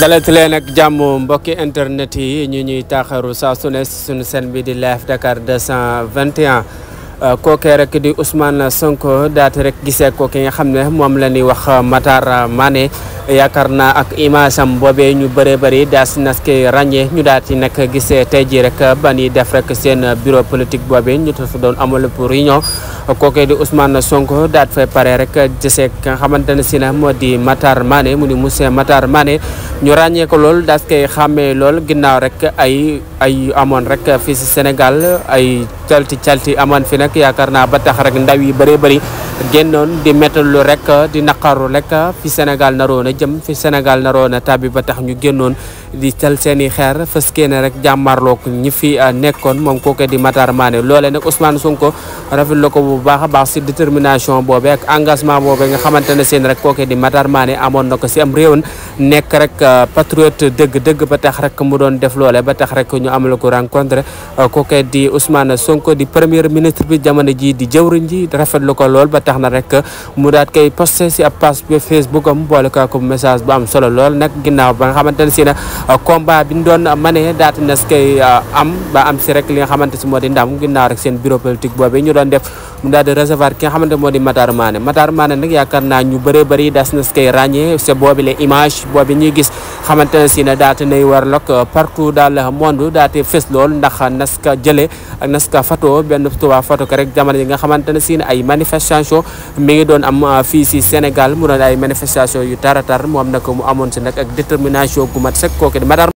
dalet leen ak jàmm mbokki internet yi ñu ñuy taaxaru saa su ne suñu seen bi di live Dakar 221 euh, kookee rek di Ousmane Sonko daati rek gisee ko ki nga xam ne moom la ñuy wax Matar Mané yaakaar naa ak image am ñu bëree bëri daa si nas ki ràññee ñu daal di nag gisee tey jii rek ba ñuy def rek seen bureau politique boobee ñu tafa doon amal pour réunion kookee di Ousmane Sonko daat fay pare rek gisee ki nga xamante ne si na moo di Matar Mané mu ni monsieur Matar Mané ñu ràññee ko lool daas koy xàmmee lool ginnaaw rek ay ay amoon rek fii si Sénégal ay calti calti amoon fi nag yaakaar naa ba tax rek ndaw yi bëree bëri génnoon di méttalu rek di naqaru rek fi Sénégal naroon a jëm fi Sénégal naroon a tàbbi ba tax ñu génnoon di cal seen i xeer fës kee ne rek jàmmarloog ñi fi ah, nekkoon moom kooku di Matar Mané loole nag Ousmane Sonko rafetlu ko bu baax a baax si détermination boobee ak engagement boobee nga xamante ne seen rek kooku di Matar Mané amoon na ko si am réewan nekk rek. patriote dëgg-dëgg ba tax rek mu doon def loole ba tax rek ñu amal ko rencontre euh, kooke di Ousmane Sonko di premier ministre bi jamono ji di jëwriñ ji rafetlu ko lool ba tax na rek mu daat koy posté si ab page bi Facebook am boole ko message bu am solo lool nag ginnaaw ba nga xamante ne si ne euh, combat bi ñu doon manee daat euh, am ba am si rek li nga xamante si moo di ndam ginnaaw rek seen bureau politique boobu ñu doon def mu daal di recevoir ki nga xamante moo di Matar Mané Matar Mané nag yaakaar naa ñu bëree bëri das na si koy ràññee c'est boobi le image boobi ñuy gis xamante ne si ne daate nay warlok partout dans le monde daate fes lool ndax nas ka jële ak nas ka photo benn tubaab photo ko rek jamono yi nga xamante ne si ay manifestation mi ngi doon am ah, fii si Sénégal mu doon ay manifestation yu taratar moom nag mu amoon si nag ak détermination gu mat sek kooku di